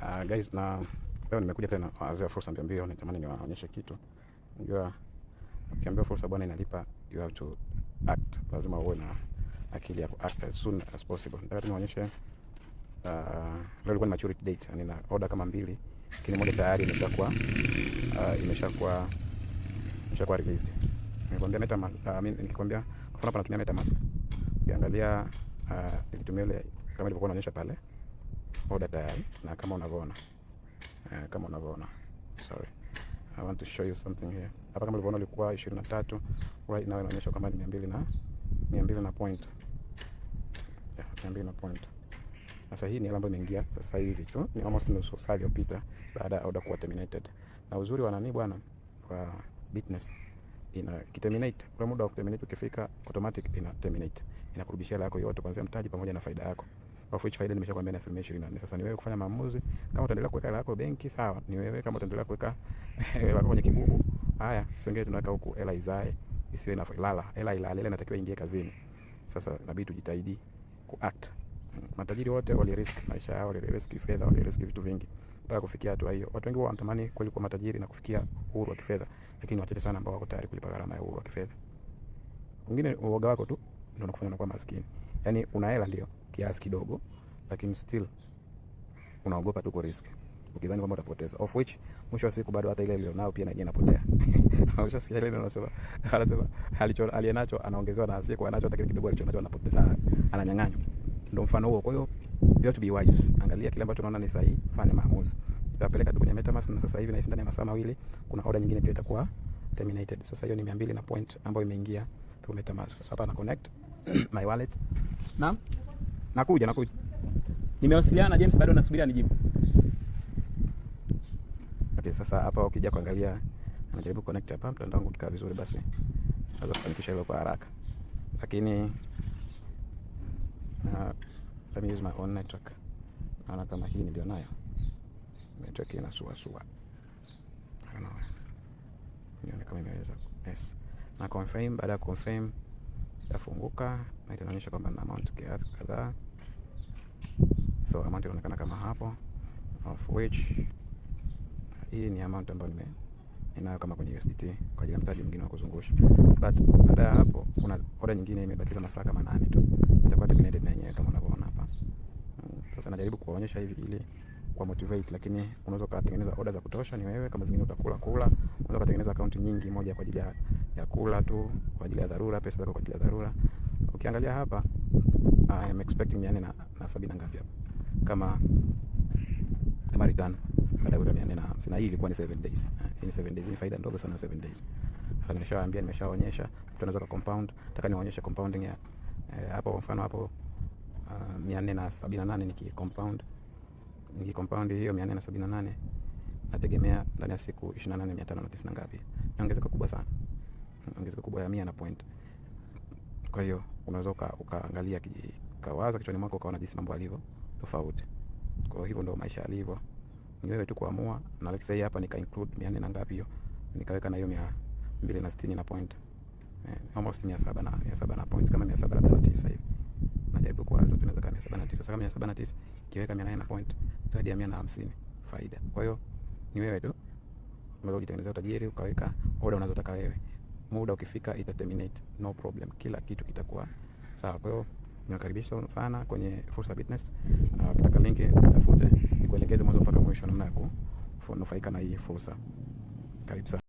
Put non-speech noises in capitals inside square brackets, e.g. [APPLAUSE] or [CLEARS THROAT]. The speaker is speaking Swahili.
Uh, guys na leo nimekuja tena wazee wa fursa mbio mbio, nitamani niwaonyeshe kitu. Unajua ukiambiwa fursa bwana inalipa, you have to act, lazima uwe na akili ya ku act as soon as possible. Nataka niwaonyeshe uh, leo ilikuwa ni maturity date, na order kama mbili, lakini moja tayari imeshakuwa uh, imeshakuwa imeshakuwa released. Nikwambia MetaMask, uh, I mean nikikwambia kwa sababu hapa natumia MetaMask, ukiangalia uh, nilitumia ile kama ilivyokuwa inaonyesha pale order tayari, na kama unavyoona eh, kama unavyoona sorry, I want to show you something here. Hapa kama ulivyoona ilikuwa 23 right now inaonyesha kama ni 200 na 200 na point yeah, 200 na point. Sasa hii ni ile ambayo imeingia sasa hivi tu, ni almost nusu saa iliyopita baada ya order kuwa terminated. Na uzuri wa nani bwana, kwa business ina kiterminate kwa muda wa terminate ukifika, automatic ina terminate, inakurudishia hela yako yote kuanzia mtaji pamoja na faida yako of which faida nimeshakwambia ni asilimia ishirini na nne. Sasa ni wewe kufanya maamuzi, kama utaendelea kuweka hela yako benki sawa, ni wewe. Kama utaendelea kuweka [LAUGHS] hela yako kwenye kibubu, haya, siongee tunaweka huku hela izae isiwe na lala, hela ilale, inatakiwa ingie kazini. Sasa inabidi tujitahidi kuact. Matajiri wote walirisk maisha yao, walirisk fedha, walirisk vitu vingi mpaka kufikia hatua hiyo. Watu wengi wanatamani kweli kuwa matajiri na kufikia uhuru wa kifedha, lakini wachache sana ambao wako tayari kulipa gharama ya uhuru wa kifedha. Wengine uoga wako tu ndio unakufanya unakuwa maskini yani una hela ndio kiasi kidogo, lakini still unaogopa tu risk, ukidhani kwamba utapoteza, of which mwisho wa siku bado hata ile ile ilionayo pia nayo inapotea. Unasikia [LAUGHS] ile anasema anasema alicho alienacho anaongezewa na asiye anacho, hata kile kidogo alicho nacho anapotea, ananyang'anywa. Ndio mfano huo. Kwa hiyo you have to be wise, angalia kile ambacho unaona ni sahihi, fanye maamuzi. Itapeleka tu kwenye MetaMask, na sasa hivi naishi ndani ya masaa mawili kuna order nyingine pia itakuwa terminated. Sasa hiyo ni 200 na point ambayo imeingia through MetaMask. Sasa hapa na connect [CLEARS THROAT] my wallet Naam. Nakuja, nakuja. Nimewasiliana na James bado nasubiria nijibu. Okay, sasa hapa ukija kuangalia anajaribu connect hapa mtandao wangu ukikaa vizuri basi naweza kufanikisha hilo kwa haraka. Lakini uh, let me use my own network. Naona kama hii ndio nayo. Network ina sua sua. I don't know. Nione kama imeweza. Yes. Na confirm baada ya confirm yafunguka na itaonyesha kwamba na amount kiasi kadhaa, so amount inaonekana kama hapo, of which hii ni amount ambayo nime inayo kama kwenye USDT kwa ajili ya mtaji mwingine wa kuzungusha, but baada ya hapo kuna order nyingine imebakiza masaa kama nane tu, itakuwa terminated na yenyewe kama unavyoona hapa. Mm, sasa najaribu kuwaonyesha hivi ili kwa motivate, lakini unaweza kutengeneza order za kutosha, ni wewe kama zingine utakula kula, unaweza kutengeneza account nyingi moja kwa ajili ya kula tu kwa ajili ya dharura, pesa zako kwa ajili ya dharura. Ukiangalia hapa I am expecting mia nne na sabini na ngapi hapa kama kama return baada ya mia nne na hamsini. Hii ilikuwa ni 7 days, hii ni 7 days, ni faida ndogo sana 7 days. Sasa nimeshawaambia, nimeshaonyesha mtu anaweza compound. Nataka niwaonyeshe compounding ya eh, hapo. Kwa mfano hapo ah, mia nne na sabini na nane nikicompound, nikicompound hiyo mia nne na sabini na nane nategemea ndani ya siku 28 mia tano na tisini na ngapi, ni ongezeko kubwa sana ongezeko kubwa ya mia na point. Kwa hiyo unaweza ukaangalia kawaza kichwani mwako ukaona jinsi mambo alivyo tofauti. Kwa hiyo hivyo ndio maisha yalivyo, ni wewe tu kuamua. Na let's say hapa nika include mia nne na ngapi hiyo, nikaweka na hiyo mia mbili na sitini na point eh, almost mia saba na mia saba na point, kama mia saba labda na tisa hivi najaribu kuwaza tu, inaweza kama mia saba na tisa. Sasa kama mia saba na tisa kiweka mia nane na point, zaidi ya mia na hamsini faida. Kwa hiyo ni wewe tu unaweza kujitengenezea utajiri, ukaweka oda unazotaka wewe muda ukifika ita terminate, no problem, kila kitu kitakuwa sawa. Kwa hiyo nakaribisha sana kwenye Fursa Business. Ah, ukitaka uh, link tafute, nikuelekeze mwanzo mpaka mwisho namna ya kunufaika na hii fursa. Karibu sana.